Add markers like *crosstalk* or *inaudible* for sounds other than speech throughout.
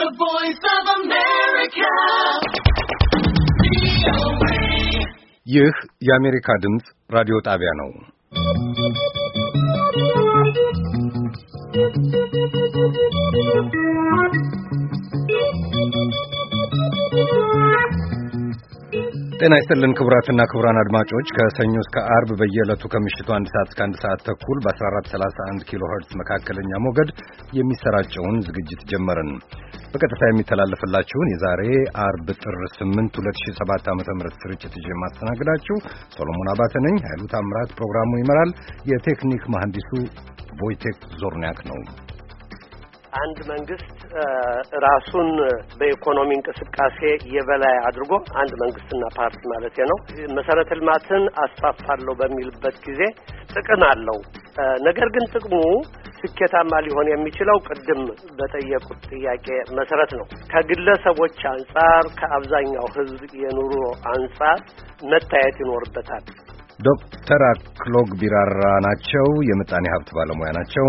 The Voice of America. ይህ የአሜሪካ ድምፅ ራዲዮ ጣቢያ ነው። ጤና ይስጥልን ክቡራትና ክቡራን አድማጮች ከሰኞ እስከ አርብ በየዕለቱ ከምሽቱ አንድ ሰዓት እስከ አንድ ሰዓት ተኩል በ1431 ኪሎ ኸርትዝ መካከለኛ ሞገድ የሚሰራጨውን ዝግጅት ጀመርን። በቀጥታ የሚተላለፍላችሁን የዛሬ አርብ ጥር 8 2007 ዓ.ም ስርጭት ይዤ የማስተናግዳችሁ ሶሎሞን አባተ ነኝ። ኃይሉ ታምራት ፕሮግራሙ ይመራል። የቴክኒክ መሐንዲሱ ቮይቴክ ዞርኒያክ ነው። አንድ መንግስት ራሱን በኢኮኖሚ እንቅስቃሴ የበላይ አድርጎ አንድ መንግስትና ፓርቲ ማለት ነው መሰረተ ልማትን አስፋፋለሁ በሚልበት ጊዜ ጥቅም አለው። ነገር ግን ጥቅሙ ስኬታማ ሊሆን የሚችለው ቅድም በጠየቁት ጥያቄ መሰረት ነው። ከግለሰቦች አንጻር ከአብዛኛው ህዝብ የኑሮ አንጻር መታየት ይኖርበታል። ዶክተር አክሎግ ቢራራ ናቸው። የምጣኔ ሀብት ባለሙያ ናቸው።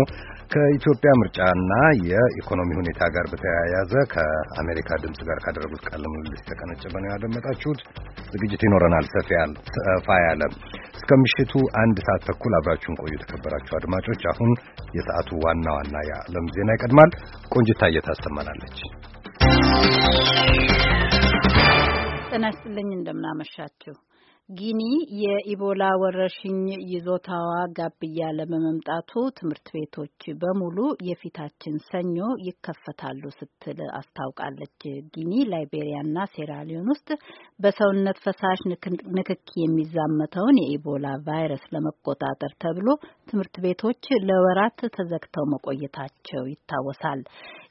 ከኢትዮጵያ ምርጫና የኢኮኖሚ ሁኔታ ጋር በተያያዘ ከአሜሪካ ድምፅ ጋር ካደረጉት ቃለ ምልልስ የተቀነጨበ ነው ያደመጣችሁት። ዝግጅት ይኖረናል ሰፋ ያለ እስከ ምሽቱ አንድ ሰዓት ተኩል አብራችሁን ቆዩ። የተከበራችሁ አድማጮች፣ አሁን የሰዓቱ ዋና ዋና የዓለም ዜና ይቀድማል። ቆንጅታ እየታሰማናለች። ጤና ይስጥልኝ እንደምናመሻችሁ ጊኒ የኢቦላ ወረርሽኝ ይዞታዋ ጋብ እያለ በመምጣቱ ትምህርት ቤቶች በሙሉ የፊታችን ሰኞ ይከፈታሉ ስትል አስታውቃለች። ጊኒ፣ ላይቤሪያና ሴራሊዮን ውስጥ በሰውነት ፈሳሽ ንክኪ የሚዛመተውን የኢቦላ ቫይረስ ለመቆጣጠር ተብሎ ትምህርት ቤቶች ለወራት ተዘግተው መቆየታቸው ይታወሳል።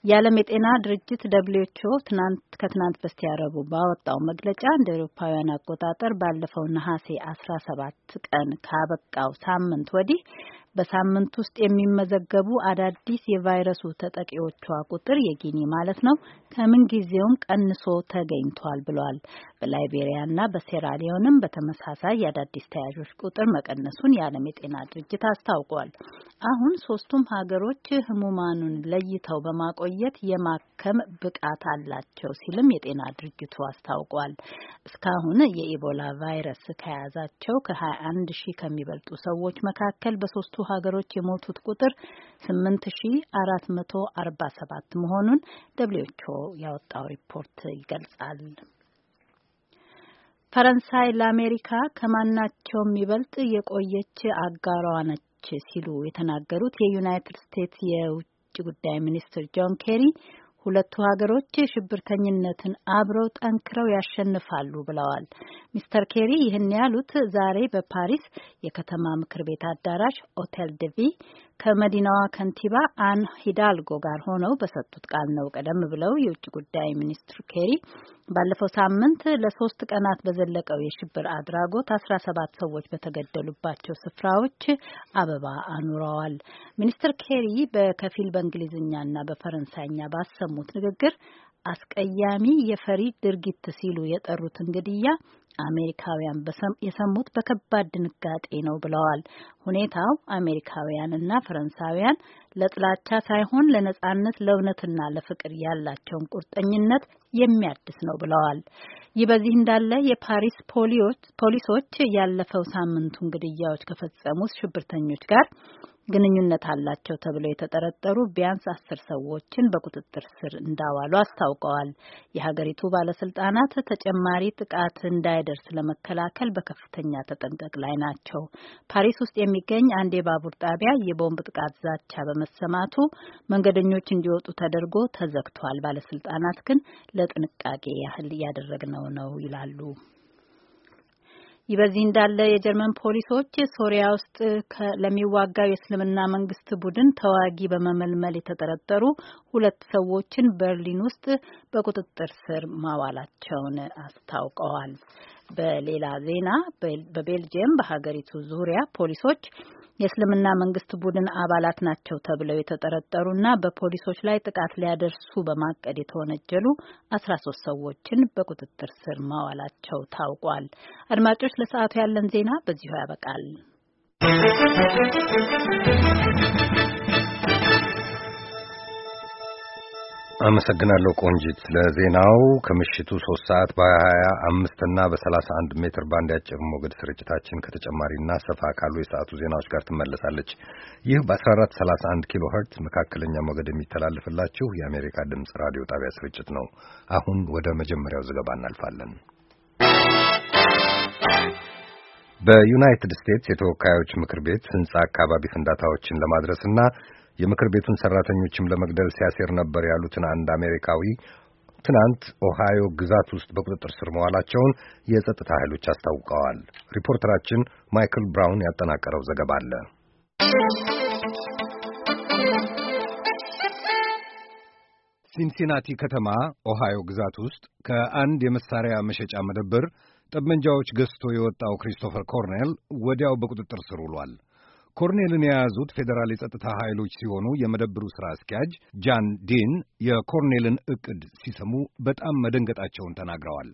የዓለም የጤና ድርጅት ደብሊውኤችኦ ትናንት ከትናንት በስቲያ ረቡዕ ባወጣው መግለጫ እንደ ኤሮፓውያን አቆጣጠር ባለፈው ነሐሴ አስራ ሰባት ቀን ካበቃው ሳምንት ወዲህ በሳምንት ውስጥ የሚመዘገቡ አዳዲስ የቫይረሱ ተጠቂዎቿ ቁጥር የጊኒ ማለት ነው ከምን ጊዜውም ቀንሶ ተገኝቷል ብሏል። በላይቤሪያና በሴራሊዮንም በተመሳሳይ የአዳዲስ ተያዦች ቁጥር መቀነሱን የዓለም የጤና ድርጅት አስታውቋል። አሁን ሶስቱም ሀገሮች ህሙማኑን ለይተው በማቆየት የማከም ብቃት አላቸው ሲልም የጤና ድርጅቱ አስታውቋል። እስካሁን የኢቦላ ቫይረስ ከያዛቸው ከ21 ሺህ ከሚበልጡ ሰዎች መካከል በሶስቱ ሀገሮች የሞቱት ቁጥር 8447 መሆኑን ደብሊው ያወጣው ሪፖርት ይገልጻል። ፈረንሳይ ለአሜሪካ ከማናቸውም የሚበልጥ የቆየች አጋሯ ነች ሲሉ የተናገሩት የዩናይትድ ስቴትስ የውጭ ጉዳይ ሚኒስትር ጆን ኬሪ ሁለቱ ሀገሮች ሽብርተኝነትን አብረው ጠንክረው ያሸንፋሉ ብለዋል። ሚስተር ኬሪ ይህን ያሉት ዛሬ በፓሪስ የከተማ ምክር ቤት አዳራሽ ኦቴል ደቪ ከመዲናዋ ከንቲባ አን ሂዳልጎ ጋር ሆነው በሰጡት ቃል ነው። ቀደም ብለው የውጭ ጉዳይ ሚኒስትር ኬሪ ባለፈው ሳምንት ለሶስት ቀናት በዘለቀው የሽብር አድራጎት አስራ ሰባት ሰዎች በተገደሉባቸው ስፍራዎች አበባ አኑረዋል። ሚኒስትር ኬሪ በከፊል በእንግሊዝኛና በፈረንሳይኛ ባሰሙት ንግግር አስቀያሚ የፈሪ ድርጊት ሲሉ የጠሩትን ግድያ አሜሪካውያን የሰሙት በከባድ ድንጋጤ ነው ብለዋል። ሁኔታው አሜሪካውያንና ፈረንሳውያን ለጥላቻ ሳይሆን ለነጻነት፣ ለእውነትና ለፍቅር ያላቸውን ቁርጠኝነት የሚያድስ ነው ብለዋል። ይህ በዚህ እንዳለ የፓሪስ ፖሊሶች ያለፈው ሳምንቱን ግድያዎች ከፈጸሙት ሽብርተኞች ጋር ግንኙነት አላቸው ተብለው የተጠረጠሩ ቢያንስ አስር ሰዎችን በቁጥጥር ስር እንዳዋሉ አስታውቀዋል። የሀገሪቱ ባለስልጣናት ተጨማሪ ጥቃት እንዳይደርስ ለመከላከል በከፍተኛ ተጠንቀቅ ላይ ናቸው። ፓሪስ ውስጥ የሚገኝ አንድ የባቡር ጣቢያ የቦምብ ጥቃት ዛቻ በመሰማቱ መንገደኞች እንዲወጡ ተደርጎ ተዘግቷል። ባለስልጣናት ግን ለጥንቃቄ ያህል እያደረግነው ነው ይላሉ። ይህ በዚህ እንዳለ የጀርመን ፖሊሶች ሶሪያ ውስጥ ለሚዋጋው የእስልምና መንግስት ቡድን ተዋጊ በመመልመል የተጠረጠሩ ሁለት ሰዎችን በርሊን ውስጥ በቁጥጥር ስር ማዋላቸውን አስታውቀዋል። በሌላ ዜና በቤልጅየም በሀገሪቱ ዙሪያ ፖሊሶች የእስልምና መንግስት ቡድን አባላት ናቸው ተብለው የተጠረጠሩና በፖሊሶች ላይ ጥቃት ሊያደርሱ በማቀድ የተወነጀሉ አስራ ሶስት ሰዎችን በቁጥጥር ስር ማዋላቸው ታውቋል። አድማጮች ለሰዓቱ ያለን ዜና በዚሁ ያበቃል። አመሰግናለሁ ቆንጂት ለዜናው። ከምሽቱ 3 ሰዓት በ25 እና በ31 ሜትር ባንድ ያጭር ሞገድ ስርጭታችን ከተጨማሪና ሰፋ ካሉ የሰዓቱ ዜናዎች ጋር ትመለሳለች። ይህ በ1431 ኪሎ ኸርትዝ መካከለኛ ሞገድ የሚተላለፍላችሁ የአሜሪካ ድምፅ ራዲዮ ጣቢያ ስርጭት ነው። አሁን ወደ መጀመሪያው ዘገባ እናልፋለን። በዩናይትድ ስቴትስ የተወካዮች ምክር ቤት ህንፃ አካባቢ ፍንዳታዎችን ለማድረስና የምክር ቤቱን ሰራተኞችም ለመግደል ሲያሴር ነበር ያሉትን አንድ አሜሪካዊ ትናንት ኦሃዮ ግዛት ውስጥ በቁጥጥር ስር መዋላቸውን የጸጥታ ኃይሎች አስታውቀዋል። ሪፖርተራችን ማይክል ብራውን ያጠናቀረው ዘገባ አለ። ሲንሲናቲ ከተማ ኦሃዮ ግዛት ውስጥ ከአንድ የመሳሪያ መሸጫ መደብር ጠመንጃዎች ገዝቶ የወጣው ክሪስቶፈር ኮርኔል ወዲያው በቁጥጥር ስር ውሏል። ኮርኔልን የያዙት ፌዴራል የጸጥታ ኃይሎች ሲሆኑ የመደብሩ ሥራ አስኪያጅ ጃን ዲን የኮርኔልን ዕቅድ ሲሰሙ በጣም መደንገጣቸውን ተናግረዋል።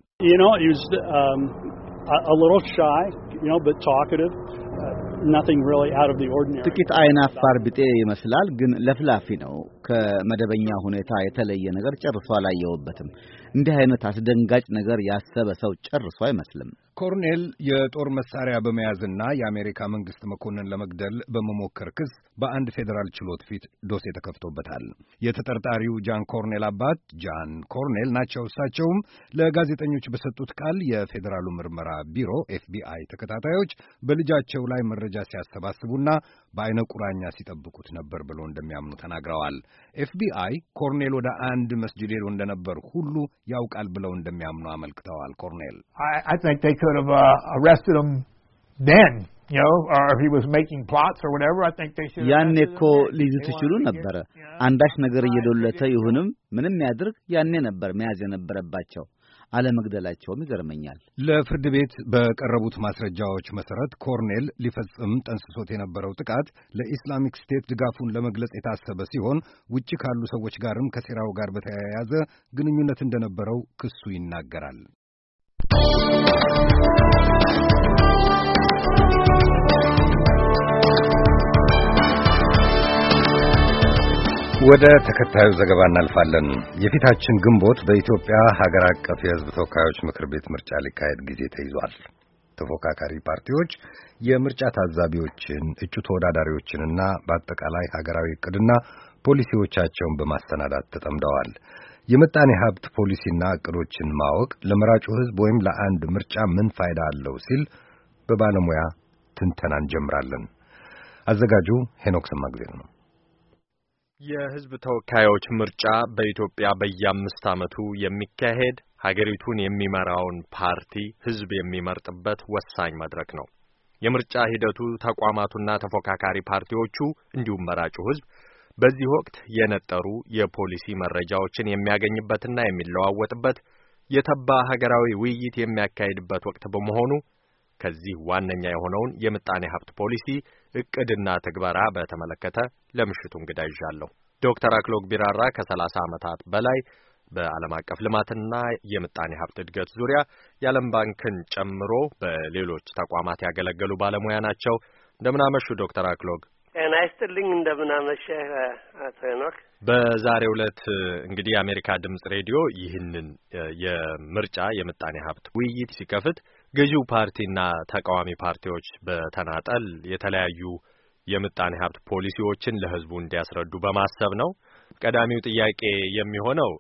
ጥቂት ዓይን አፋር ቢጤ ይመስላል፣ ግን ለፍላፊ ነው። ከመደበኛ ሁኔታ የተለየ ነገር ጨርሶ አላየሁበትም። እንዲህ አይነት አስደንጋጭ ነገር ያሰበ ሰው ጨርሶ አይመስልም። ኮርኔል የጦር መሳሪያ በመያዝና የአሜሪካ መንግስት መኮንን ለመግደል በመሞከር ክስ በአንድ ፌዴራል ችሎት ፊት ዶሴ ተከፍቶበታል። የተጠርጣሪው ጃን ኮርኔል አባት ጃን ኮርኔል ናቸው። እሳቸውም ለጋዜጠኞች በሰጡት ቃል የፌዴራሉ ምርመራ ቢሮ ኤፍቢአይ ተከታታዮች በልጃቸው ላይ መረጃ ሲያሰባስቡና በአይነ ቁራኛ ሲጠብቁት ነበር ብሎ እንደሚያምኑ ተናግረዋል። ኤፍቢአይ ኮርኔል ወደ አንድ መስጅድ ሄዶ እንደነበር ሁሉ ያውቃል ብለው እንደሚያምኑ አመልክተዋል። ኮርኔል uh, ያኔ እኮ ሊይዙት ትችሉ ነበረ። አንዳች ነገር እየዶለተ ይሁንም ምንም ያድርግ፣ ያኔ ነበር መያዝ የነበረባቸው። አለመግደላቸውም ይገርመኛል። ለፍርድ ቤት በቀረቡት ማስረጃዎች መሰረት ኮርኔል ሊፈጽም ጠንስሶት የነበረው ጥቃት ለኢስላሚክ ስቴት ድጋፉን ለመግለጽ የታሰበ ሲሆን ውጭ ካሉ ሰዎች ጋርም ከሴራው ጋር በተያያዘ ግንኙነት እንደነበረው ክሱ ይናገራል። ወደ ተከታዩ ዘገባ እናልፋለን። የፊታችን ግንቦት በኢትዮጵያ ሀገር አቀፍ የሕዝብ ተወካዮች ምክር ቤት ምርጫ ሊካሄድ ጊዜ ተይዟል። ተፎካካሪ ፓርቲዎች የምርጫ ታዛቢዎችን፣ እጩ ተወዳዳሪዎችንና በአጠቃላይ ሀገራዊ እቅድና ፖሊሲዎቻቸውን በማሰናዳት ተጠምደዋል። የምጣኔ ሀብት ፖሊሲና እቅዶችን ማወቅ ለመራጩ ሕዝብ ወይም ለአንድ ምርጫ ምን ፋይዳ አለው ሲል በባለሙያ ትንተና እንጀምራለን። አዘጋጁ ሄኖክ ሰማግዜር ነው። የህዝብ ተወካዮች ምርጫ በኢትዮጵያ በየአምስት ዓመቱ የሚካሄድ ሀገሪቱን የሚመራውን ፓርቲ ህዝብ የሚመርጥበት ወሳኝ መድረክ ነው። የምርጫ ሂደቱ ተቋማቱና ተፎካካሪ ፓርቲዎቹ እንዲሁም መራጩ ህዝብ በዚህ ወቅት የነጠሩ የፖሊሲ መረጃዎችን የሚያገኝበትና የሚለዋወጥበት የተባ ሀገራዊ ውይይት የሚያካሂድበት ወቅት በመሆኑ ከዚህ ዋነኛ የሆነውን የምጣኔ ሀብት ፖሊሲ እቅድና ትግበራ በተመለከተ ለምሽቱ እንግዳ ይዣለሁ። ዶክተር አክሎግ ቢራራ ከሰላሳ ዓመታት በላይ በዓለም አቀፍ ልማትና የምጣኔ ሀብት እድገት ዙሪያ የዓለም ባንክን ጨምሮ በሌሎች ተቋማት ያገለገሉ ባለሙያ ናቸው። እንደምናመሹ ዶክተር አክሎግ። ጤና ይስጥልኝ። እንደምናመሸህ አቶ በዛሬው ዕለት እንግዲህ የአሜሪካ ድምጽ ሬዲዮ ይህንን የምርጫ የምጣኔ ሀብት ውይይት ሲከፍት ገዢው ፓርቲና ተቃዋሚ ፓርቲዎች በተናጠል የተለያዩ የምጣኔ ሀብት ፖሊሲዎችን ለህዝቡ እንዲያስረዱ በማሰብ ነው። ቀዳሚው ጥያቄ የሚሆነው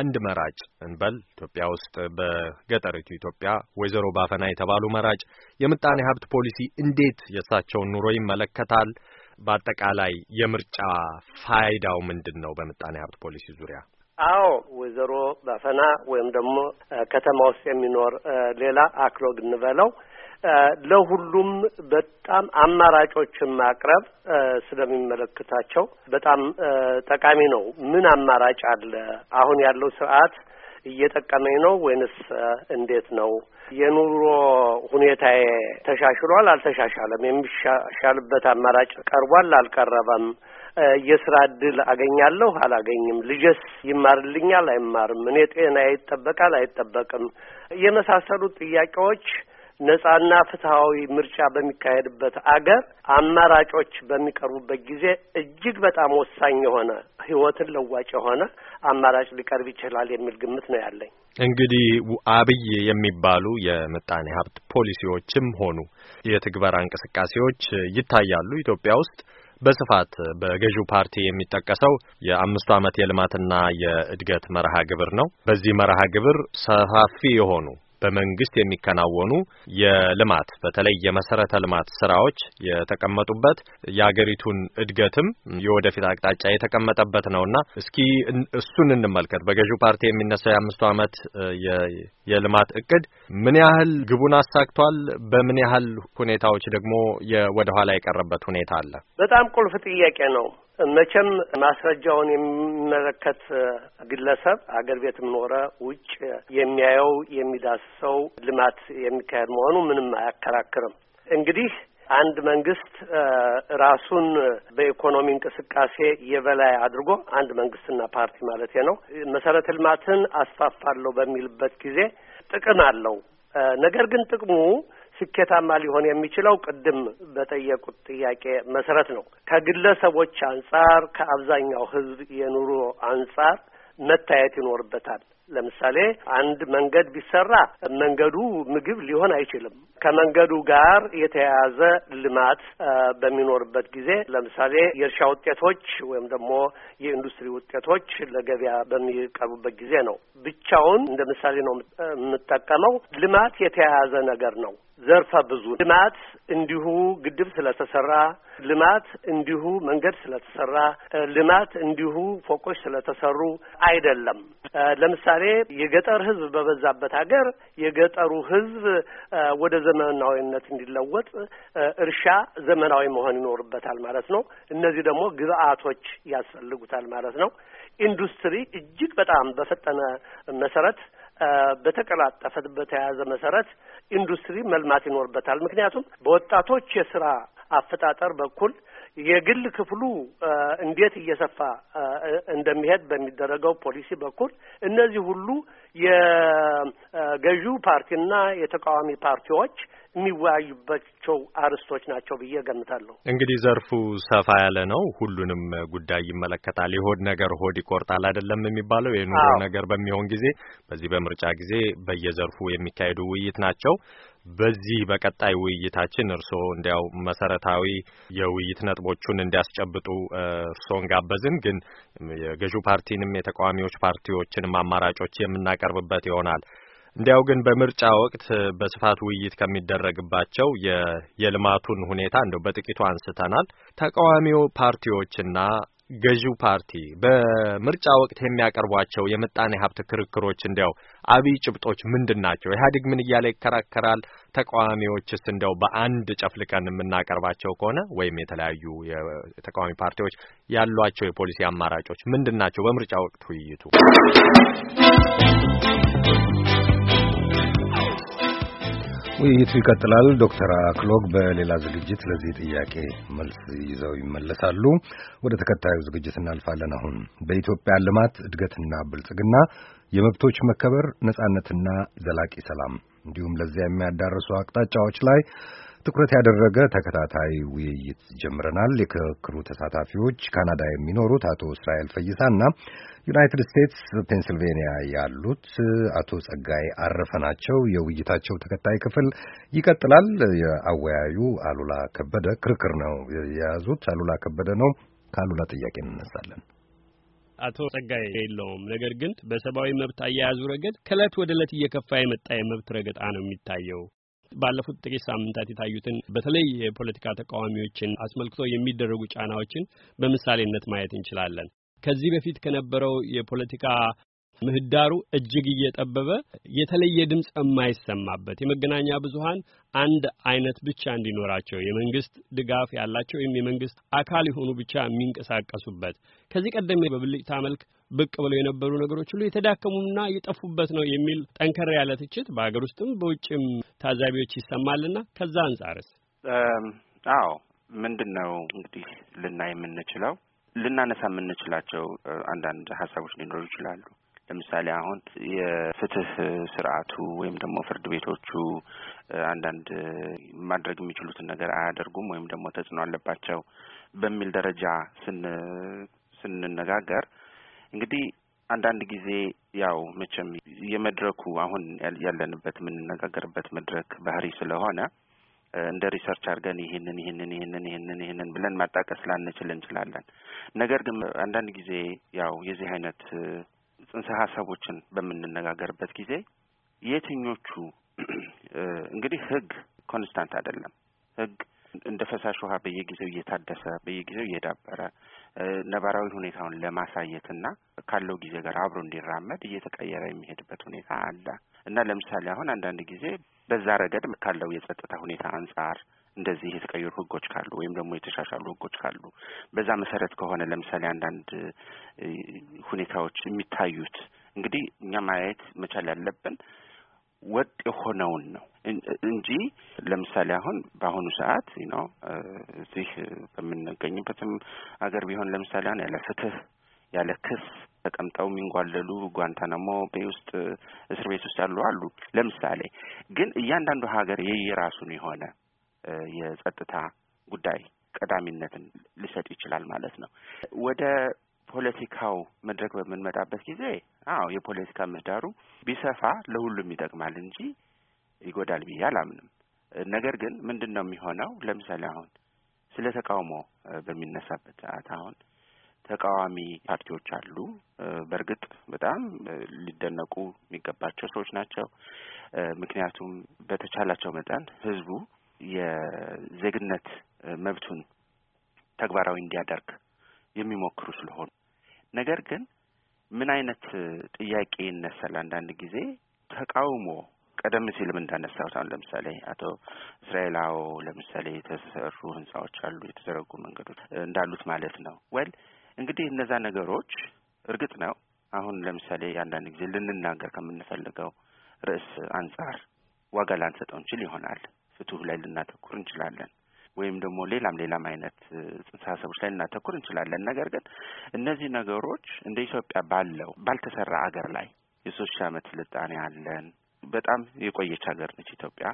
አንድ መራጭ እንበል ኢትዮጵያ ውስጥ በገጠሪቱ ኢትዮጵያ ወይዘሮ ባፈና የተባሉ መራጭ የምጣኔ ሀብት ፖሊሲ እንዴት የእሳቸውን ኑሮ ይመለከታል? በአጠቃላይ የምርጫ ፋይዳው ምንድን ነው? በምጣኔ ሀብት ፖሊሲ ዙሪያ አዎ ወይዘሮ ባፈና ወይም ደግሞ ከተማ ውስጥ የሚኖር ሌላ አክሎግ እንበለው ለሁሉም በጣም አማራጮችን ማቅረብ ስለሚመለከታቸው በጣም ጠቃሚ ነው። ምን አማራጭ አለ? አሁን ያለው ስርዓት እየጠቀመኝ ነው ወይንስ እንዴት ነው? የኑሮ ሁኔታዬ ተሻሽሏል አልተሻሻለም? የሚሻሻልበት አማራጭ ቀርቧል አልቀረበም? የስራ እድል አገኛለሁ አላገኝም፣ ልጀስ ይማርልኛል አይማርም፣ እኔ ጤና ይጠበቃል አይጠበቅም፣ የመሳሰሉት ጥያቄዎች ነጻና ፍትሐዊ ምርጫ በሚካሄድበት አገር አማራጮች በሚቀርቡበት ጊዜ እጅግ በጣም ወሳኝ የሆነ ህይወትን ለዋጭ የሆነ አማራጭ ሊቀርብ ይችላል የሚል ግምት ነው ያለኝ። እንግዲህ አብይ የሚባሉ የምጣኔ ሀብት ፖሊሲዎችም ሆኑ የትግበራ እንቅስቃሴዎች ይታያሉ ኢትዮጵያ ውስጥ በስፋት በገዢው ፓርቲ የሚጠቀሰው የአምስቱ ዓመት የልማትና የእድገት መርሃ ግብር ነው። በዚህ መርሃ ግብር ሰፋፊ የሆኑ በመንግስት የሚከናወኑ የልማት በተለይ የመሰረተ ልማት ስራዎች የተቀመጡበት የአገሪቱን እድገትም የወደፊት አቅጣጫ የተቀመጠበት ነውና እስኪ እሱን እንመልከት። በገዢው ፓርቲ የሚነሳው የአምስቱ ዓመት የልማት እቅድ ምን ያህል ግቡን አሳክቷል? በምን ያህል ሁኔታዎች ደግሞ ወደኋላ የቀረበት ሁኔታ አለ? በጣም ቁልፍ ጥያቄ ነው። መቼም ማስረጃውን የሚመለከት ግለሰብ አገር ቤትም ኖረ ውጭ የሚያየው የሚዳስሰው ልማት የሚካሄድ መሆኑ ምንም አያከራክርም። እንግዲህ አንድ መንግስት ራሱን በኢኮኖሚ እንቅስቃሴ የበላይ አድርጎ አንድ መንግስትና ፓርቲ ማለት ነው መሰረተ ልማትን አስፋፋለሁ በሚልበት ጊዜ ጥቅም አለው። ነገር ግን ጥቅሙ ስኬታማ ሊሆን የሚችለው ቅድም በጠየቁት ጥያቄ መሰረት ነው። ከግለሰቦች አንጻር፣ ከአብዛኛው ህዝብ የኑሮ አንጻር መታየት ይኖርበታል። ለምሳሌ አንድ መንገድ ቢሰራ መንገዱ ምግብ ሊሆን አይችልም። ከመንገዱ ጋር የተያያዘ ልማት በሚኖርበት ጊዜ ለምሳሌ የእርሻ ውጤቶች ወይም ደግሞ የኢንዱስትሪ ውጤቶች ለገበያ በሚቀርቡበት ጊዜ ነው። ብቻውን እንደ ምሳሌ ነው የምጠቀመው። ልማት የተያያዘ ነገር ነው። ዘርፈ ብዙ ልማት እንዲሁ ግድብ ስለተሰራ፣ ልማት እንዲሁ መንገድ ስለተሰራ፣ ልማት እንዲሁ ፎቆች ስለተሰሩ አይደለም። ለምሳሌ የገጠር ህዝብ በበዛበት ሀገር የገጠሩ ህዝብ ወደ ዘመናዊነት እንዲለወጥ እርሻ ዘመናዊ መሆን ይኖርበታል ማለት ነው። እነዚህ ደግሞ ግብአቶች ያስፈልጉታል ማለት ነው። ኢንዱስትሪ እጅግ በጣም በፈጠነ መሰረት በተቀላጠፈ በተያያዘ መሰረት ኢንዱስትሪ መልማት ይኖርበታል። ምክንያቱም በወጣቶች የስራ አፈጣጠር በኩል የግል ክፍሉ እንዴት እየሰፋ እንደሚሄድ በሚደረገው ፖሊሲ በኩል እነዚህ ሁሉ የገዢው ፓርቲና የተቃዋሚ ፓርቲዎች የሚወያዩባቸው አርዕስቶች ናቸው ብዬ ገምታለሁ። እንግዲህ ዘርፉ ሰፋ ያለ ነው፣ ሁሉንም ጉዳይ ይመለከታል። የሆድ ነገር ሆድ ይቆርጣል አይደለም የሚባለው። የኑሮ ነገር በሚሆን ጊዜ በዚህ በምርጫ ጊዜ በየዘርፉ የሚካሄዱ ውይይት ናቸው። በዚህ በቀጣይ ውይይታችን እርስዎ እንዲያው መሰረታዊ የውይይት ነጥቦቹን እንዲያስጨብጡ እርስዎን ጋበዝን። ግን የገዢው ፓርቲንም የተቃዋሚዎች ፓርቲዎችንም አማራጮች የምናቀርብበት ይሆናል። እንዲያው ግን በምርጫ ወቅት በስፋት ውይይት ከሚደረግባቸው የልማቱን ሁኔታ እንደው በጥቂቱ አንስተናል። ተቃዋሚው ፓርቲዎችና ገዢው ፓርቲ በምርጫ ወቅት የሚያቀርቧቸው የምጣኔ ሀብት ክርክሮች እንዲያው አብይ ጭብጦች ምንድን ናቸው? ኢህአዴግ ምን እያለ ይከራከራል? ተቃዋሚዎችስ እንደው በአንድ ጨፍልቀን የምናቀርባቸው ከሆነ ወይም የተለያዩ የተቃዋሚ ፓርቲዎች ያሏቸው የፖሊሲ አማራጮች ምንድን ናቸው? በምርጫ ወቅት ውይይቱ ውይይቱ ይቀጥላል። ዶክተር አክሎግ በሌላ ዝግጅት ለዚህ ጥያቄ መልስ ይዘው ይመለሳሉ። ወደ ተከታዩ ዝግጅት እናልፋለን። አሁን በኢትዮጵያ ልማት እድገትና ብልጽግና የመብቶች መከበር ነጻነትና ዘላቂ ሰላም እንዲሁም ለዚያ የሚያዳርሱ አቅጣጫዎች ላይ ትኩረት ያደረገ ተከታታይ ውይይት ጀምረናል። የክርክሩ ተሳታፊዎች ካናዳ የሚኖሩት አቶ እስራኤል ፈይሳና ዩናይትድ ስቴትስ ፔንስልቬንያ ያሉት አቶ ጸጋይ አረፈ ናቸው። የውይይታቸው ተከታይ ክፍል ይቀጥላል። የአወያዩ አሉላ ከበደ ክርክር ነው የያዙት። አሉላ ከበደ ነው። ከአሉላ ጥያቄ እንነሳለን። አቶ ጸጋይ የለውም፣ ነገር ግን በሰብአዊ መብት አያያዙ ረገድ ከእለት ወደ እለት እየከፋ የመጣ የመብት ረገጣ ነው የሚታየው። ባለፉት ጥቂት ሳምንታት የታዩትን በተለይ የፖለቲካ ተቃዋሚዎችን አስመልክቶ የሚደረጉ ጫናዎችን በምሳሌነት ማየት እንችላለን። ከዚህ በፊት ከነበረው የፖለቲካ ምህዳሩ እጅግ እየጠበበ የተለየ ድምፅ የማይሰማበት የመገናኛ ብዙሃን አንድ አይነት ብቻ እንዲኖራቸው የመንግስት ድጋፍ ያላቸው ወይም የመንግስት አካል የሆኑ ብቻ የሚንቀሳቀሱበት ከዚህ ቀደም በብልጭታ መልክ ብቅ ብለው የነበሩ ነገሮች ሁሉ የተዳከሙና የጠፉበት ነው የሚል ጠንከር ያለ ትችት በሀገር ውስጥም በውጭም ታዛቢዎች ይሰማልና ከዛ አንጻርስ? አዎ ምንድን ነው እንግዲህ ልናይ የምንችለው ልናነሳ የምንችላቸው አንዳንድ ሀሳቦች ሊኖሩ ይችላሉ። ለምሳሌ አሁን የፍትህ ስርዓቱ ወይም ደግሞ ፍርድ ቤቶቹ አንዳንድ ማድረግ የሚችሉትን ነገር አያደርጉም ወይም ደግሞ ተጽዕኖ አለባቸው በሚል ደረጃ ስንነጋገር እንግዲህ አንዳንድ ጊዜ ያው መቼም የመድረኩ አሁን ያለንበት የምንነጋገርበት መድረክ ባህሪ ስለሆነ እንደ ሪሰርች አድርገን ይህንን ይህንን ይህንን ይህንን ይህንን ብለን ማጣቀስ ላንችል እንችላለን። ነገር ግን አንዳንድ ጊዜ ያው የዚህ አይነት ጽንሰ ሀሳቦችን በምንነጋገርበት ጊዜ የትኞቹ *clears throat* እንግዲህ ህግ ኮንስታንት አይደለም። ህግ እንደ ፈሳሽ ውሃ በየጊዜው እየታደሰ በየጊዜው እየዳበረ ነባራዊ ሁኔታውን ለማሳየትና ካለው ጊዜ ጋር አብሮ እንዲራመድ እየተቀየረ የሚሄድበት ሁኔታ አለ እና ለምሳሌ አሁን አንዳንድ ጊዜ በዛ ረገድ ካለው የጸጥታ ሁኔታ አንጻር እንደዚህ የተቀየሩ ህጎች ካሉ ወይም ደግሞ የተሻሻሉ ህጎች ካሉ በዛ መሰረት ከሆነ ለምሳሌ አንዳንድ ሁኔታዎች የሚታዩት እንግዲህ እኛ ማየት መቻል ያለብን ወጥ የሆነውን ነው እንጂ ለምሳሌ አሁን በአሁኑ ሰዓት ነው እዚህ በምንገኝበትም አገር ቢሆን ለምሳሌ አሁን ያለ ፍትህ ያለ ክስ ተቀምጠው የሚንጓለሉ ጓንታናሞ ቤይ ውስጥ እስር ቤት ውስጥ ያሉ አሉ። ለምሳሌ ግን እያንዳንዱ ሀገር የየራሱን የሆነ የጸጥታ ጉዳይ ቀዳሚነትን ሊሰጥ ይችላል ማለት ነው። ወደ ፖለቲካው መድረክ በምንመጣበት ጊዜ አዎ የፖለቲካ ምህዳሩ ቢሰፋ ለሁሉም ይጠቅማል እንጂ ይጎዳል ብዬ አላምንም። ነገር ግን ምንድን ነው የሚሆነው? ለምሳሌ አሁን ስለ ተቃውሞ በሚነሳበት ሰዓት አሁን ተቃዋሚ ፓርቲዎች አሉ። በእርግጥ በጣም ሊደነቁ የሚገባቸው ሰዎች ናቸው። ምክንያቱም በተቻላቸው መጠን ህዝቡ የዜግነት መብቱን ተግባራዊ እንዲያደርግ የሚሞክሩ ስለሆኑ፣ ነገር ግን ምን አይነት ጥያቄ ይነሳል? አንዳንድ ጊዜ ተቃውሞ ቀደም ሲልም እንዳነሳሁት አሁን ለምሳሌ አቶ እስራኤል አዎ፣ ለምሳሌ የተሰሩ ህንጻዎች አሉ፣ የተዘረጉ መንገዶች እንዳሉት ማለት ነው። ወል እንግዲህ እነዛ ነገሮች እርግጥ ነው አሁን ለምሳሌ አንዳንድ ጊዜ ልንናገር ከምንፈልገው ርዕስ አንጻር ዋጋ ላንሰጠው እንችል ይሆናል። ፍትሁ ላይ ልናተኩር እንችላለን፣ ወይም ደግሞ ሌላም ሌላም አይነት ጽንሰ ሀሳቦች ላይ ልናተኩር እንችላለን። ነገር ግን እነዚህ ነገሮች እንደ ኢትዮጵያ ባለው ባልተሰራ አገር ላይ የሶስት ሺህ ዓመት ስልጣኔ አለን። በጣም የቆየች ሀገር ነች ኢትዮጵያ።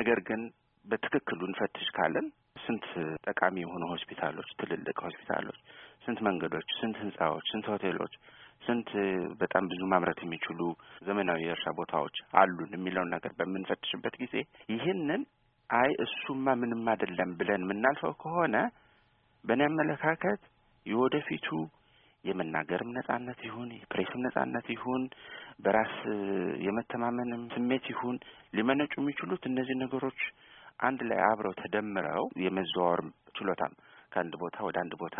ነገር ግን በትክክሉ እንፈትሽ ካለን ስንት ጠቃሚ የሆኑ ሆስፒታሎች፣ ትልልቅ ሆስፒታሎች፣ ስንት መንገዶች፣ ስንት ህንጻዎች፣ ስንት ሆቴሎች፣ ስንት በጣም ብዙ ማምረት የሚችሉ ዘመናዊ የእርሻ ቦታዎች አሉን የሚለውን ነገር በምንፈትሽበት ጊዜ ይህንን አይ እሱማ ምንም አይደለም ብለን የምናልፈው ከሆነ በእኔ አመለካከት የወደፊቱ የመናገርም ነጻነት ይሁን የፕሬስም ነጻነት ይሁን በራስ የመተማመንም ስሜት ይሁን ሊመነጩ የሚችሉት እነዚህ ነገሮች አንድ ላይ አብረው ተደምረው የመዘዋወር ችሎታም ከአንድ ቦታ ወደ አንድ ቦታ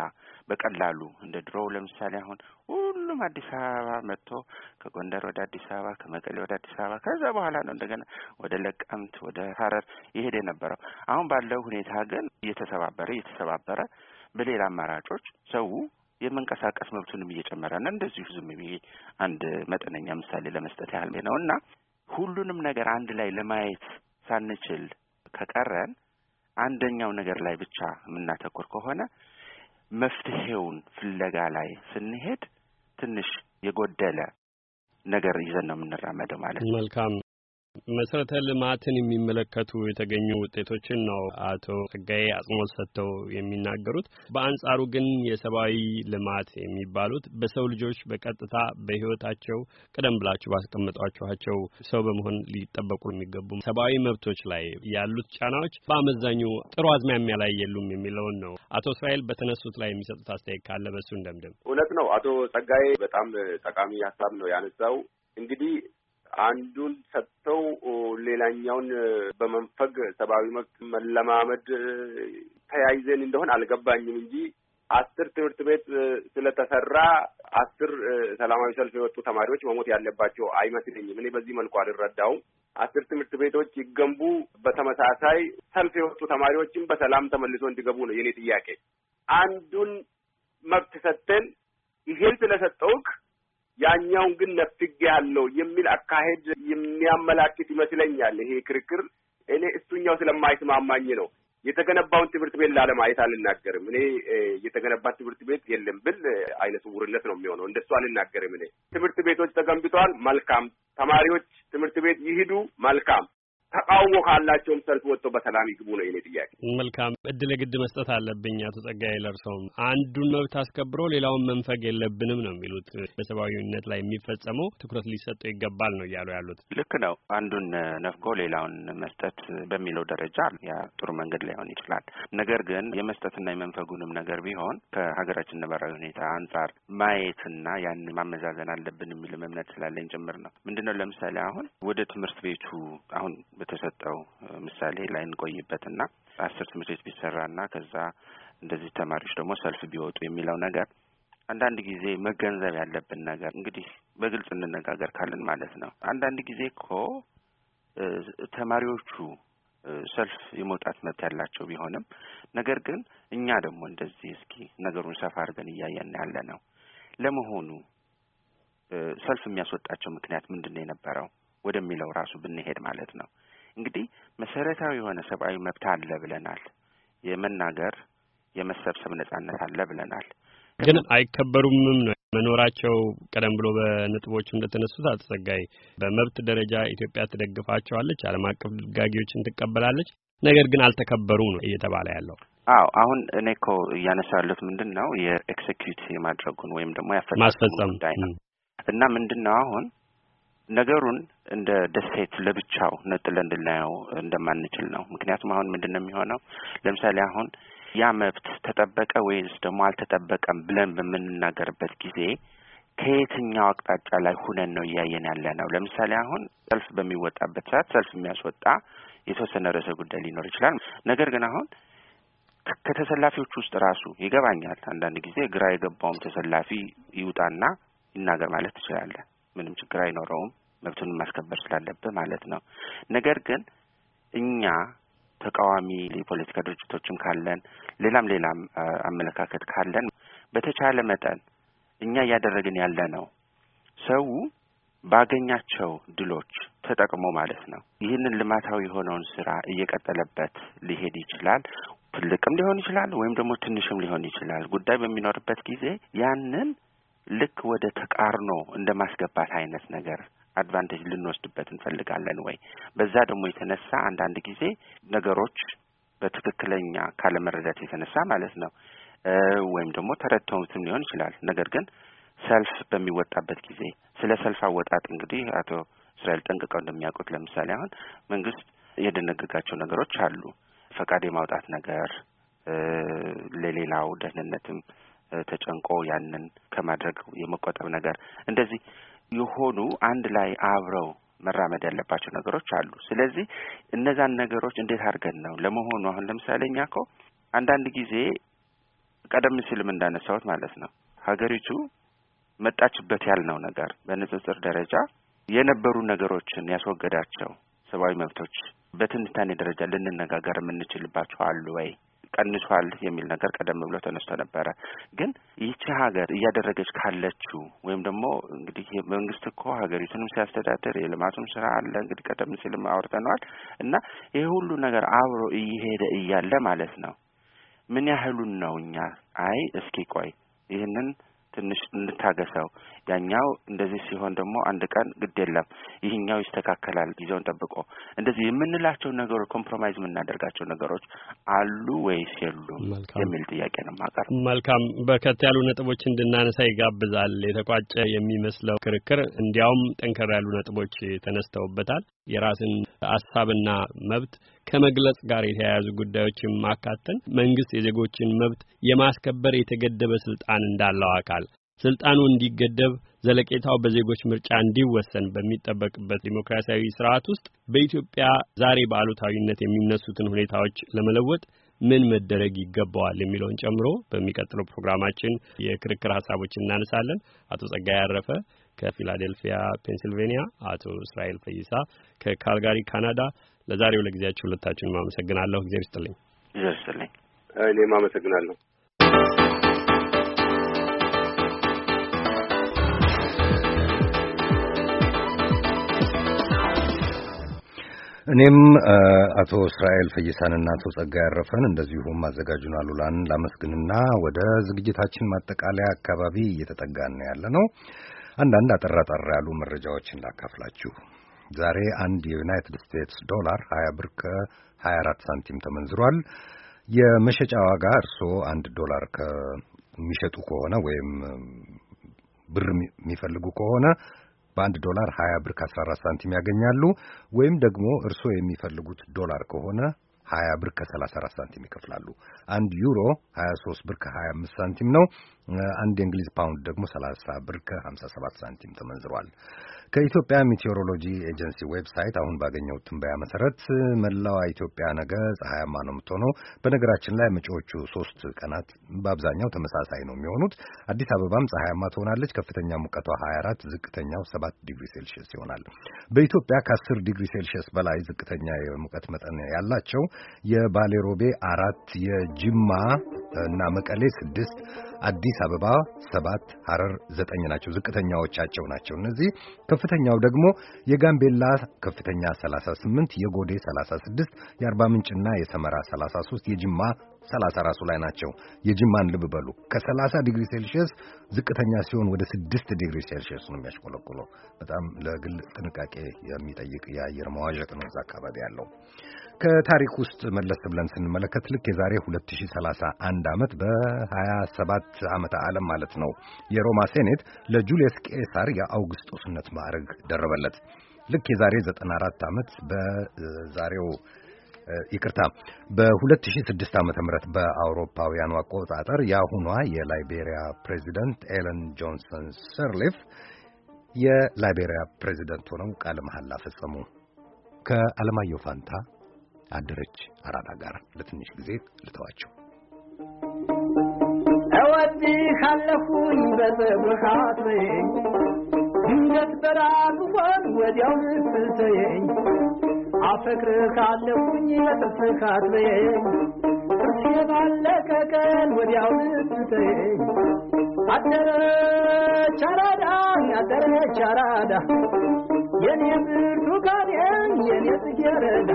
በቀላሉ እንደ ድሮው ለምሳሌ አሁን ሁሉም አዲስ አበባ መጥቶ ከጎንደር ወደ አዲስ አበባ፣ ከመቀሌ ወደ አዲስ አበባ ከዛ በኋላ ነው እንደገና ወደ ለቀምት ወደ ሀረር ይሄድ የነበረው። አሁን ባለው ሁኔታ ግን እየተሰባበረ እየተሰባበረ በሌላ አማራጮች ሰው የመንቀሳቀስ መብቱንም እየጨመረ ነው። እንደዚሁ ዝም ብዬ አንድ መጠነኛ ምሳሌ ለመስጠት ያህል ነው እና ሁሉንም ነገር አንድ ላይ ለማየት ሳንችል ከቀረን አንደኛው ነገር ላይ ብቻ የምናተኩር ከሆነ መፍትሄውን ፍለጋ ላይ ስንሄድ ትንሽ የጎደለ ነገር ይዘን ነው የምንራመደው ማለት ነው። መልካም መሰረተ ልማትን የሚመለከቱ የተገኙ ውጤቶችን ነው አቶ ጸጋዬ አጽንኦት ሰጥተው የሚናገሩት። በአንጻሩ ግን የሰብአዊ ልማት የሚባሉት በሰው ልጆች በቀጥታ በህይወታቸው ቀደም ብላችሁ ባስቀመጧቸኋቸው ሰው በመሆን ሊጠበቁ የሚገቡ ሰብአዊ መብቶች ላይ ያሉት ጫናዎች በአመዛኙ ጥሩ አዝማሚያ ላይ የሉም የሚለውን ነው። አቶ እስራኤል በተነሱት ላይ የሚሰጡት አስተያየት ካለ በሱ እንደምድም። እውነት ነው አቶ ጸጋዬ በጣም ጠቃሚ ሀሳብ ነው ያነሳው። እንግዲህ አንዱን ሰጥተው ሌላኛውን በመንፈግ ሰብአዊ መብት መለማመድ ተያይዘን እንደሆን አልገባኝም እንጂ አስር ትምህርት ቤት ስለተሰራ አስር ሰላማዊ ሰልፍ የወጡ ተማሪዎች መሞት ያለባቸው አይመስለኝም። እኔ በዚህ መልኩ አልረዳውም። አስር ትምህርት ቤቶች ይገንቡ፣ በተመሳሳይ ሰልፍ የወጡ ተማሪዎችም በሰላም ተመልሶ እንዲገቡ ነው የኔ ጥያቄ። አንዱን መብት ሰጥተን ይሄን ስለሰጠውክ ያኛውን ግን ነፍግ ያለው የሚል አካሄድ የሚያመላክት ይመስለኛል ይሄ ክርክር። እኔ እሱኛው ስለማይስማማኝ ነው። የተገነባውን ትምህርት ቤት ላለማየት አልናገርም። እኔ የተገነባ ትምህርት ቤት የለም ብል አይነ ስውርነት ነው የሚሆነው። እንደሱ አልናገርም። እኔ ትምህርት ቤቶች ተገንብተዋል፣ መልካም። ተማሪዎች ትምህርት ቤት ይሂዱ፣ መልካም። ተቃውሞ ካላቸውም ሰልፍ ወጥቶ በሰላም ይግቡ ነው የኔ ጥያቄ። መልካም እድለ ግድ መስጠት አለብኝ። አቶ ጸጋዬ ለእርሰውም አንዱን መብት አስከብሮ ሌላውን መንፈግ የለብንም ነው የሚሉት። በሰብአዊነት ላይ የሚፈጸመው ትኩረት ሊሰጠው ይገባል ነው እያሉ ያሉት። ልክ ነው። አንዱን ነፍጎ ሌላውን መስጠት በሚለው ደረጃ ያ ጥሩ መንገድ ላይሆን ይችላል። ነገር ግን የመስጠትና የመንፈጉንም ነገር ቢሆን ከሀገራችን ነባራዊ ሁኔታ አንጻር ማየትና ያን ማመዛዘን አለብን የሚልም እምነት ስላለኝ ጭምር ነው። ምንድነው ለምሳሌ አሁን ወደ ትምህርት ቤቱ አሁን በተሰጠው ምሳሌ ላይ እንቆይበትና አስር ትምህርት ቤት ቢሰራና ከዛ እንደዚህ ተማሪዎች ደግሞ ሰልፍ ቢወጡ የሚለው ነገር አንዳንድ ጊዜ መገንዘብ ያለብን ነገር እንግዲህ በግልጽ እንነጋገር ካልን ማለት ነው። አንዳንድ ጊዜ እኮ ተማሪዎቹ ሰልፍ የመውጣት መብት ያላቸው ቢሆንም ነገር ግን እኛ ደግሞ እንደዚህ እስኪ ነገሩን ሰፋ አድርገን እያየን ያለ ነው። ለመሆኑ ሰልፍ የሚያስወጣቸው ምክንያት ምንድን ነው የነበረው ወደሚለው ራሱ ብንሄድ ማለት ነው እንግዲህ መሰረታዊ የሆነ ሰብአዊ መብት አለ ብለናል። የመናገር የመሰብሰብ ነጻነት አለ ብለናል። ግን አይከበሩምም ነው መኖራቸው ቀደም ብሎ በነጥቦቹ እንደተነሱት አተጸጋይ በመብት ደረጃ ኢትዮጵያ ትደግፋቸዋለች፣ ዓለም አቀፍ ድንጋጌዎችን ትቀበላለች። ነገር ግን አልተከበሩም ነው እየተባለ ያለው። አዎ አሁን እኔ እኮ እያነሳ ያሉት ምንድን ነው የኤክሴኪዩት የማድረጉን ወይም ደግሞ ያፈማስፈጸም ጉዳይ ነው እና ምንድን ነው አሁን ነገሩን እንደ ደሴት ለብቻው ነጥለ እንድናየው እንደማንችል ነው። ምክንያቱም አሁን ምንድን ነው የሚሆነው? ለምሳሌ አሁን ያ መብት ተጠበቀ ወይስ ደግሞ አልተጠበቀም ብለን በምንናገርበት ጊዜ ከየትኛው አቅጣጫ ላይ ሁነን ነው እያየን ያለ ነው? ለምሳሌ አሁን ሰልፍ በሚወጣበት ሰዓት ሰልፍ የሚያስወጣ የተወሰነ ርዕሰ ጉዳይ ሊኖር ይችላል። ነገር ግን አሁን ከተሰላፊዎች ውስጥ ራሱ ይገባኛል፣ አንዳንድ ጊዜ ግራ የገባውም ተሰላፊ ይውጣና ይናገር ማለት ትችላለን። ምንም ችግር አይኖረውም። መብቱን ማስከበር ስላለብህ ማለት ነው። ነገር ግን እኛ ተቃዋሚ የፖለቲካ ድርጅቶችም ካለን ሌላም ሌላም አመለካከት ካለን በተቻለ መጠን እኛ እያደረግን ያለ ነው ሰው ባገኛቸው ድሎች ተጠቅሞ ማለት ነው ይህንን ልማታዊ የሆነውን ስራ እየቀጠለበት ሊሄድ ይችላል። ትልቅም ሊሆን ይችላል ወይም ደግሞ ትንሽም ሊሆን ይችላል። ጉዳይ በሚኖርበት ጊዜ ያንን ልክ ወደ ተቃርኖ እንደ ማስገባት አይነት ነገር አድቫንቴጅ ልንወስድበት እንፈልጋለን ወይ? በዛ ደግሞ የተነሳ አንዳንድ ጊዜ ነገሮች በትክክለኛ ካለመረዳት የተነሳ ማለት ነው ወይም ደግሞ ተረድተውትም ሊሆን ይችላል። ነገር ግን ሰልፍ በሚወጣበት ጊዜ ስለ ሰልፍ አወጣጥ እንግዲህ አቶ እስራኤል ጠንቅቀው እንደሚያውቁት ለምሳሌ አሁን መንግስት የደነገጋቸው ነገሮች አሉ። ፈቃድ የማውጣት ነገር ለሌላው ደህንነትም ተጨንቆ ያንን ከማድረግ የመቆጠብ ነገር እንደዚህ የሆኑ አንድ ላይ አብረው መራመድ ያለባቸው ነገሮች አሉ። ስለዚህ እነዛን ነገሮች እንዴት አድርገን ነው ለመሆኑ አሁን ለምሳሌ እኛ እኮ አንዳንድ ጊዜ ቀደም ሲልም እንዳነሳሁት ማለት ነው ሀገሪቱ መጣችበት ያልነው ነገር በንጽጽር ደረጃ የነበሩ ነገሮችን ያስወገዳቸው ሰብአዊ መብቶች በትንታኔ ደረጃ ልንነጋገር የምንችልባቸው አሉ ወይ ቀንሷል የሚል ነገር ቀደም ብሎ ተነስቶ ነበረ። ግን ይቺ ሀገር እያደረገች ካለችው ወይም ደግሞ እንግዲህ መንግስት እኮ ሀገሪቱንም ሲያስተዳደር የልማቱም ስራ አለ እንግዲህ ቀደም ሲልም አውርተነዋል እና ይህ ሁሉ ነገር አብሮ እየሄደ እያለ ማለት ነው ምን ያህሉን ነው እኛ አይ እስኪ ቆይ ይህንን እንታገሰው፣ ያኛው እንደዚህ ሲሆን ደግሞ አንድ ቀን ግድ የለም ይህኛው ይስተካከላል ጊዜውን ጠብቆ እንደዚህ የምንላቸው ነገሮች ኮምፕሮማይዝ የምናደርጋቸው ነገሮች አሉ ወይስ የሉም የሚል ጥያቄ ነው ማቀር። መልካም በርከት ያሉ ነጥቦች እንድናነሳ ይጋብዛል። የተቋጨ የሚመስለው ክርክር እንዲያውም ጠንከር ያሉ ነጥቦች ተነስተውበታል። የራስን ሀሳብና መብት ከመግለጽ ጋር የተያያዙ ጉዳዮችን ማካተን መንግስት የዜጎችን መብት የማስከበር የተገደበ ስልጣን እንዳለው አካል ስልጣኑ እንዲገደብ ዘለቄታው በዜጎች ምርጫ እንዲወሰን በሚጠበቅበት ዲሞክራሲያዊ ስርዓት ውስጥ በኢትዮጵያ ዛሬ በአሉታዊነት የሚነሱትን ሁኔታዎች ለመለወጥ ምን መደረግ ይገባዋል የሚለውን ጨምሮ በሚቀጥለው ፕሮግራማችን የክርክር ሀሳቦችን እናነሳለን። አቶ ጸጋይ አረፈ ከፊላዴልፊያ ፔንሲልቬኒያ፣ አቶ እስራኤል ፈይሳ ከካልጋሪ ካናዳ፣ ለዛሬው ለጊዜያችሁ ሁለታችሁን አመሰግናለሁ። እግዚአብሔር ይስጥልኝ። እግዚአብሔር ይስጥልኝ። እኔም አመሰግናለሁ። እኔም አቶ እስራኤል ፈይሳንና አቶ ጸጋ ያረፈን እንደዚሁም አዘጋጁን አሉላን ላመስግንና ወደ ዝግጅታችን ማጠቃለያ አካባቢ እየተጠጋን ያለ ነው። አንዳንድ አጠራ ያሉ መረጃዎችን ላካፍላችሁ። ዛሬ አንድ የዩናይትድ ስቴትስ ዶላር 20 ብር ከ24 ሳንቲም ተመንዝሯል። የመሸጫ ዋጋ እርስዎ አንድ ዶላር ከሚሸጡ ከሆነ ወይም ብር የሚፈልጉ ከሆነ በአንድ ዶላር 20 ብር ከ14 ሳንቲም ያገኛሉ። ወይም ደግሞ እርስዎ የሚፈልጉት ዶላር ከሆነ 20 ብር ከ34 ሳንቲም ይከፍላሉ። አንድ ዩሮ 23 ብር ከ25 ሳንቲም ነው። አንድ የእንግሊዝ ፓውንድ ደግሞ 30 ብር ከ57 ሳንቲም ተመንዝሯል። ከኢትዮጵያ ሜቴዎሮሎጂ ኤጀንሲ ዌብሳይት አሁን ባገኘው ትንበያ መሰረት መላዋ ኢትዮጵያ ነገ ፀሐያማ ነው የምትሆነው። በነገራችን ላይ መጪዎቹ ሶስት ቀናት በአብዛኛው ተመሳሳይ ነው የሚሆኑት። አዲስ አበባም ፀሐያማ ትሆናለች። ከፍተኛ ሙቀቷ 24፣ ዝቅተኛው 7 ዲግሪ ሴልሽየስ ይሆናል። በኢትዮጵያ ከ10 ዲግሪ ሴልሽየስ በላይ ዝቅተኛ የሙቀት መጠን ያላቸው የባሌሮቤ አራት፣ የጅማ እና መቀሌ ስድስት፣ አዲስ አበባ ሰባት፣ ሐረር ዘጠኝ ናቸው። ዝቅተኛዎቻቸው ናቸው እነዚህ ከፍተኛው ደግሞ የጋምቤላ ከፍተኛ 38፣ የጎዴ 36፣ የአርባ ምንጭና የሰመራ 33፣ የጅማ 34 ላይ ናቸው። የጅማን ልብ በሉ ከ30 ዲግሪ ሴልሺየስ ዝቅተኛ ሲሆን ወደ 6 ዲግሪ ሴልሺየስ ነው የሚያሽቆለቁለው። በጣም ለግል ጥንቃቄ የሚጠይቅ የአየር መዋዠቅ ነው እዛ አካባቢ ያለው። ከታሪክ ውስጥ መለስ ብለን ስንመለከት ልክ የዛሬ 2031 ዓመት በ27 ዓመተ ዓለም ማለት ነው የሮማ ሴኔት ለጁልየስ ቄሳር የአውግስጦስነት ማዕረግ ደረበለት። ልክ የዛሬ 94 ዓመት በዛሬው ይቅርታ በ2006 ዓመተ ምህረት በአውሮፓውያኑ አቆጣጠር የአሁኗ የላይቤሪያ ፕሬዚደንት ኤለን ጆንሰን ሰርሊፍ የላይቤሪያ ፕሬዚደንት ሆነው ቃለ መሐላ ፈጸሙ። ከአለማየሁ ፋንታ አደረች አራዳ ጋር ለትንሽ ጊዜ ልተዋቸው። እወድሃለሁኝ በፀጉርህ አትበይኝ፣ ድንገት በራብ ሆን ወዲያው ልትተየኝ። አፈቅርሃለሁኝ በጥፍህ አትበየኝ፣ ጥርሴ ባለቀ ቀን ወዲያው ልትተየኝ። አደረች አራዳ አደረች አራዳ የኔ ብርቱካን የኔ ጽጌረዳ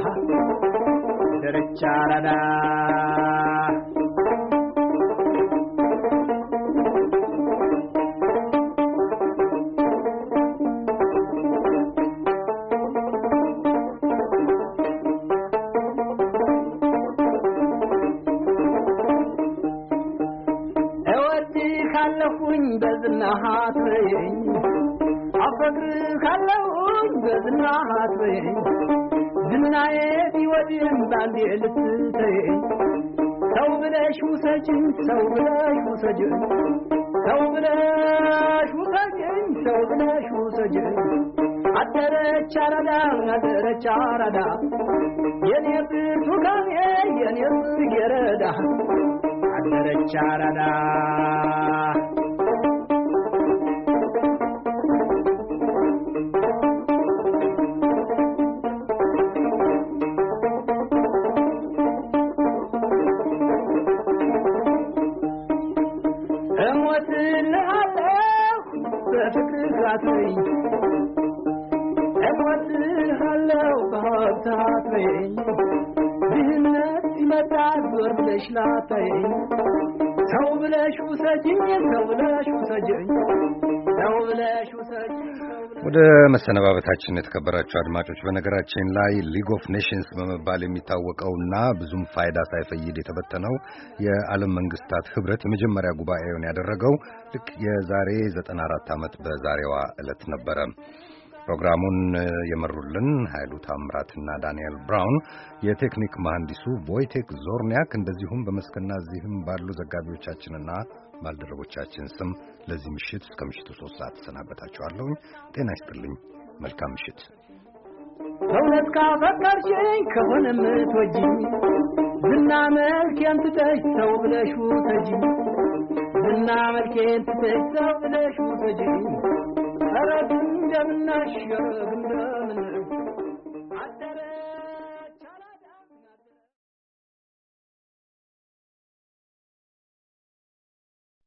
diricharadha. ይላል የልፍተይ ሰው ብለሽ ውሰጅኝ ሰው ብለሽ ውሰጅኝ ሰው ብለሽ ውሰጅኝ ሰው ብለሽ ውሰጅኝ አደረች አራዳ አደረች አራዳ የኔ ብርቱካኔ የኔ ጽጌረዳ አደረች አራዳ እሞትልሃለሁ በፍቅርህ አትለኝ እሞትልሃለሁ በሀብትህ አትለኝ ድህነት ሲመጣ ዞር ብለሽ ላታየኝ ሰው ብለሽ ውሰጂኝ ሰው ብለሽ ውሰጂኝ ሰው ብለሽ ወደ መሰነባበታችን የተከበራችሁ አድማጮች፣ በነገራችን ላይ ሊግ ኦፍ ኔሽንስ በመባል የሚታወቀውና ብዙም ፋይዳ ሳይፈይድ የተበተነው የዓለም መንግስታት ህብረት የመጀመሪያ ጉባኤውን ያደረገው ልክ የዛሬ 94 ዓመት በዛሬዋ ዕለት ነበረ። ፕሮግራሙን የመሩልን ኃይሉ ታምራትና ዳንኤል ብራውን፣ የቴክኒክ መሐንዲሱ ቮይቴክ ዞርኒያክ፣ እንደዚሁም በመስክና እዚህም ባሉ ዘጋቢዎቻችንና ባልደረቦቻችን ስም ለዚህ ምሽት እስከ ምሽቱ ሶስት ሰዓት ተሰናበታችኋለሁ። ጤና ይስጥልኝ። መልካም ምሽት። በእውነት ካፈቀርሽኝ ከሆነ ምትወጂ ዝና መልኬን ትተሽ ሰው ብለሽ ውሰጂ ዝና መልኬን ትተሽ ሰው ብለሽ ውሰጂ ኧረ እንደምናሽ ኧረ ግምደምና